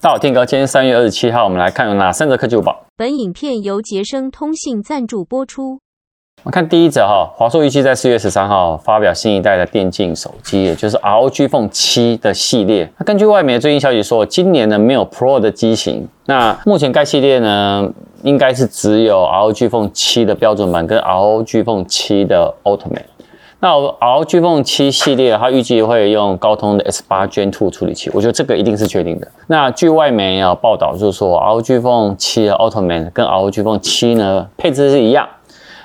大家好，我 Tim 哥，今天三月二十七號，我們來看有哪三則科技午報。本影片由傑昇通信贊助播出。我們看第一則哈，華碩預計在四月十三號發表新一代的電競手機，也就是 ROG Phone 七的系列。那根據外媒最新消息說，今年呢沒有 Pro 的機型。那目前該系列呢，應該是只有 ROG Phone 七的標準版跟 ROG Phone 七的 Ultimate。那 ROG Phone 七系列，它預計會用高通的 S 八 Gen 2處理器，我覺得這個一定是確定的。那據外媒有、啊、報道就是說 ROG Phone 七的 Ultimate 跟 ROG Phone 七呢，配置是一樣，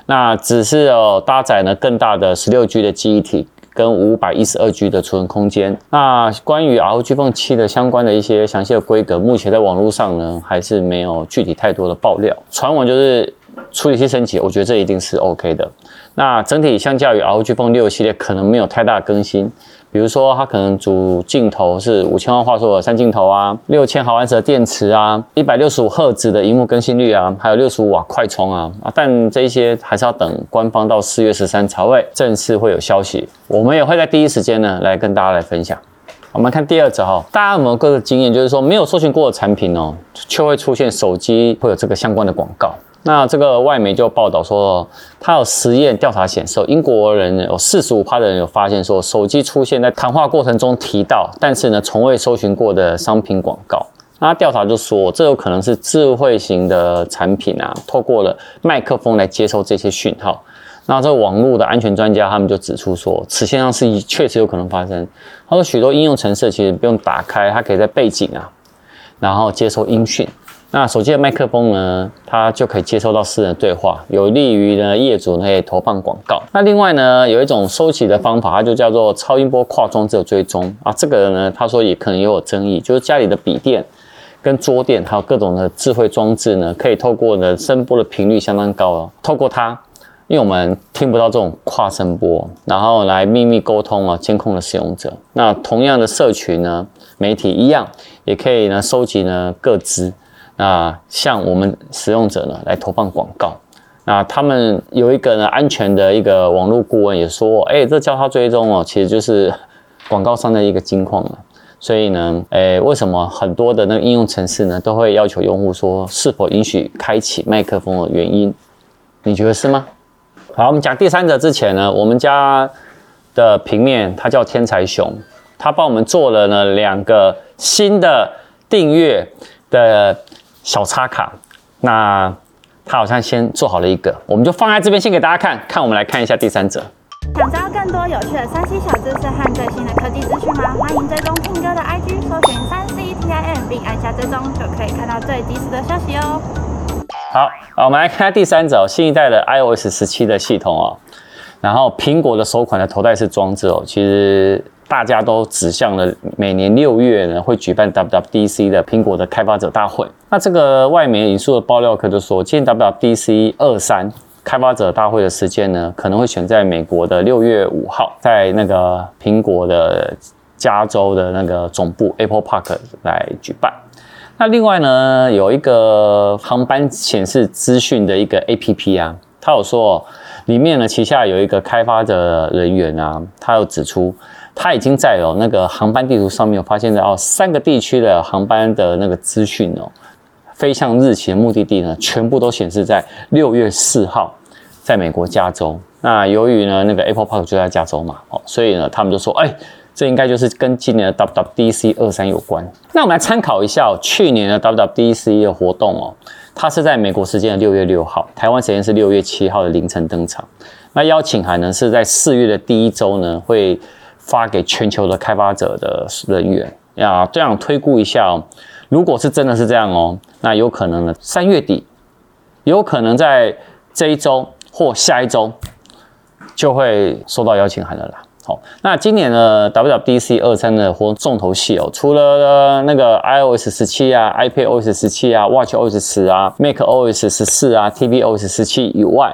那只是哦搭載了更大的十六 G 的記憶體跟五百一十二 G 的儲存空間。那關於 ROG Phone 七的相關的一些詳細的規格，目前在網絡上呢還是沒有具體太多的爆料，傳聞就是。處理器升級，我覺得這一定是 OK 的。那整體相較於 ROG Phone 六系列可能沒有太大的更新，比如說它可能主鏡頭是五千萬像素的三鏡頭啊，六千毫安時的電池啊，一百六十五赫茲的屏幕更新率啊，還有六十五瓦快充啊。啊，但這一些還是要等官方到四月十三才會正式會有消息，我們也會在第一時間呢來跟大家來分享。我們看第二則哈、哦，大家有沒有各個人經驗？就是說沒有搜尋過的產品哦，卻會出現手機會有這個相關的廣告。那這個外媒就報道說，他有實驗調查顯示，英國人有四十五趴的人有發現說，手機出現在談話過程中提到，但是呢，從未搜尋過的商品廣告。那他調查就說，這有可能是智慧型的產品啊，透過了麥克風來接收這些訊號。那這網絡的安全專家他們就指出說，此現象是確實有可能發生。他說，許多應用程式其實不用打開，它可以在背景啊，然後接收音訊。那手機的麥克風呢？它就可以接收到私人對話，有利於呢業主呢可以投放廣告。那另外呢，有一種收集的方法，它就叫做超音波跨裝置的追蹤啊。這個呢，他說也可能也有爭議，就是家裡的筆電、跟桌電，還有各種的智慧裝置呢，可以透過呢聲波的頻率相當高哦，透過它，因為我們聽不到這種跨聲波，然後來秘密溝通啊，監控的使用者。那同樣的社群呢，媒體一樣，也可以呢收集呢個資。啊、呃，像我們使用者呢來投放廣告，那、呃、他們有一個呢，安全的一個網絡顧問也說，哎、欸，這交叉追蹤哦，其實就是廣告商的一個金礦了。所以呢，哎、欸，為什麼很多的那個應用程式呢都會要求用戶說是否允許開啟麥克風的原因？你覺得是嗎？好，我們講第三者之前呢，我們家的平面它叫天才熊，他幫我們做了呢兩個新的訂閱的。小插卡，那他好像先做好了一個，我們就放在這邊先給大家看看。我們來看一下第三者。想知道更多有趣的三 C 小知識和最新的科技資訊嗎？歡迎追蹤 Tim 哥的 IG，搜尋三 C Tim，並按下追蹤就可以看到最及時的消息哦。好，我們來看下第三者，新一代的 iOS 十七的系統哦，然後蘋果的首款的頭戴式裝置哦，其實。大家都指向了每年六月呢，會舉辦 WWDC 的蘋果的開發者大會。那這個外媒引述的爆料可就說，今天 WWDC 二三開發者大會的時間呢，可能會選在美國的六月五號，在那個蘋果的加州的那個總部 Apple Park 來舉辦。那另外呢，有一個航班顯示資訊的一個 APP 啊，他有說哦，裡面呢，旗下有一個開發者人員啊，他有指出。他已經在哦那個航班地圖上面有發現了哦，三個地區的航班的那個資訊哦，飛向日期的目的地呢，全部都顯示在六月四號，在美國加州。那由於呢那個 Apple Park 就在加州嘛，哦，所以呢他們就說，哎，這應該就是跟今年的 WWDC 二三有關。那我們來參考一下哦，去年的 WWDC 的活動哦，它是在美國時間的六月六號，台灣時間是六月七號的凌晨登場。那邀請函呢是在四月的第一週呢會發給全球的開發者的人員呀，這樣推估一下哦，如果是真的是這樣哦，那有可能呢，三月底，有可能在這一周或下一周就會收到邀請函的啦。好，那今年的 WWDC 23的活動重頭戲哦，除了那個 iOS 17啊，iPadOS 17啊，WatchOS 10啊，macOS 14啊，tvOS 17以外，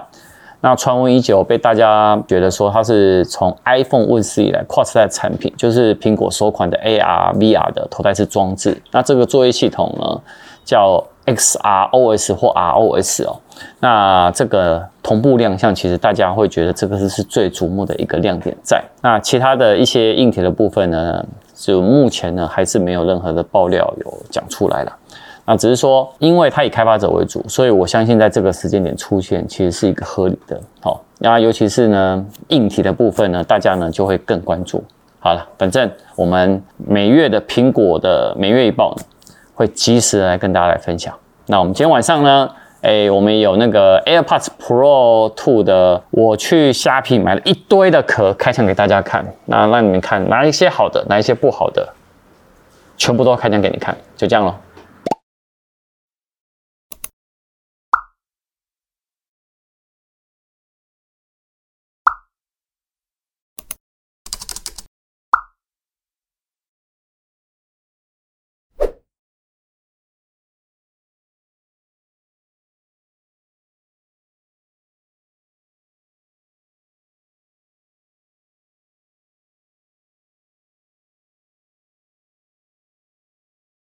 那傳聞已久，被大家覺得說它是從 iPhone 問世以來跨時代的產品，就是蘋果首款的 AR、VR 的頭戴式裝置。那這個作業系統呢，叫 XROS 或 ROS 哦。那這個同步亮相，其實大家會覺得這個是是最矚目的一個亮點在。那其他的一些硬體的部分呢，就目前呢還是沒有任何的爆料有講出來了。那只是說，因為它以開發者為主，所以我相信在這個時間點出現，其實是一個合理的。好，那尤其是呢，硬體的部分呢，大家呢就會更關注。好了，反正我們每月的蘋果的每月一報，會及時的來跟大家來分享。那我們今天晚上呢，哎，我們有那個 AirPods Pro 2的，我去蝦皮買了一堆的殼，開箱給大家看。那讓你們看，哪一些好的，哪一些不好的，全部都開箱給你看，就這樣咯。